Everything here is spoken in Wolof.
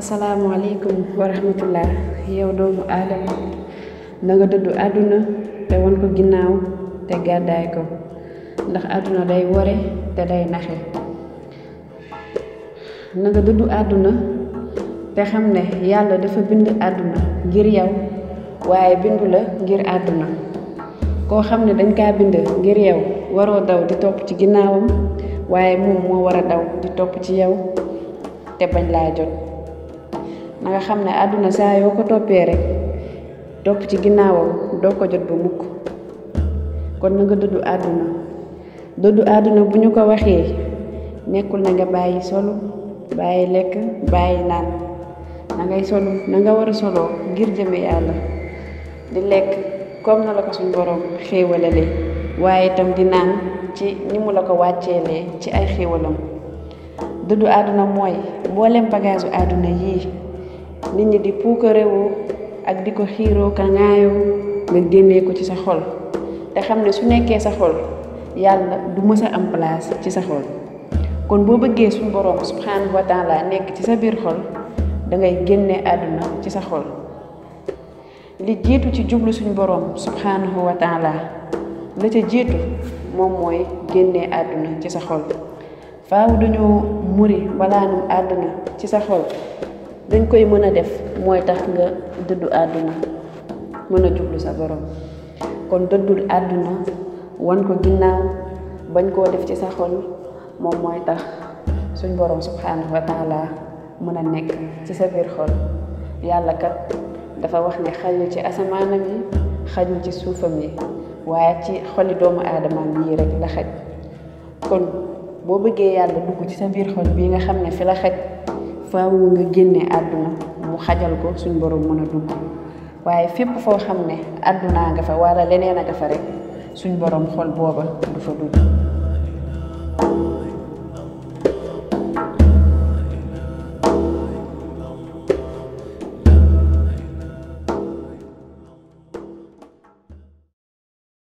asalaamualeykum wa rahmatullah yow doomu aadama na dëddu àdduna te won ko ginnaaw te gàddaay ko ndax àdduna day wore te day naxe na dëddu àdduna te xam ne yàlla dafa bind àdduna ngir yow waaye bindu la ngir àdduna koo xam ne dañ kaa bind ngir yow waroo daw di topp ci ginnaawam waaye moom moo war a daw di topp ci yow te bañ laa jot na xam ne àdduna saa yoo ko toppee rek topp ci ginnaawam doo ko jot ba mukk kon na nga dëddu àdduna dëddu àdduna bu ñu ko waxee nekkul na nga bàyyi solu bàyyi lekk bàyyi naan na solu na nga war a soloo ngir jëme yàlla di lekk comme na la ko suñ borom xéewalale waaye itam di naan ci ni mu la ko wàcceelee ci ay xéewalam dëddu àdduna mooy mboolem bagaasu àdduna yii nit ñi di puukarewoo ak di ko xiiroo ka ŋaayoo nga génnee ko ci sa xol te xam ne su nekkee sa xol yàlla du mësa am place ci sa xol kon boo bëggee suñu borom subhanahu wa nekk ci sa biir xol dangay génne àdduna ci sa xol li jiitu ci jublu suñu boroom subhanahu wa taala la ca jiitu moom mooy génne àdduna ci sa xol faaw dañoo muri walaanum àdduna ci sa xol dañ koy mën a def mooy tax nga dëddu àdduna mën a jublu sa borom kon dëddul àdduna wan ko ginnaaw bañ koo def ci sa xol moom mooy tax suñ boroom subhanahu wa mën a nekk ci sa biir xol yàlla kat dafa wax ni xajul ci asamaanam yi xajul ci suufam yi waaye ci xoli doomu aadama yi rek la xaj kon boo bëggee yàlla dugg ci sa biir xol bii nga xam ne fi la xaj faaw nga génne àdduna mu xajal ko suñ borom mën a dugg waaye fépp foo xam ne àddunaa nga fa wala leneen a nga fa suñ borom xol booba du fa dugg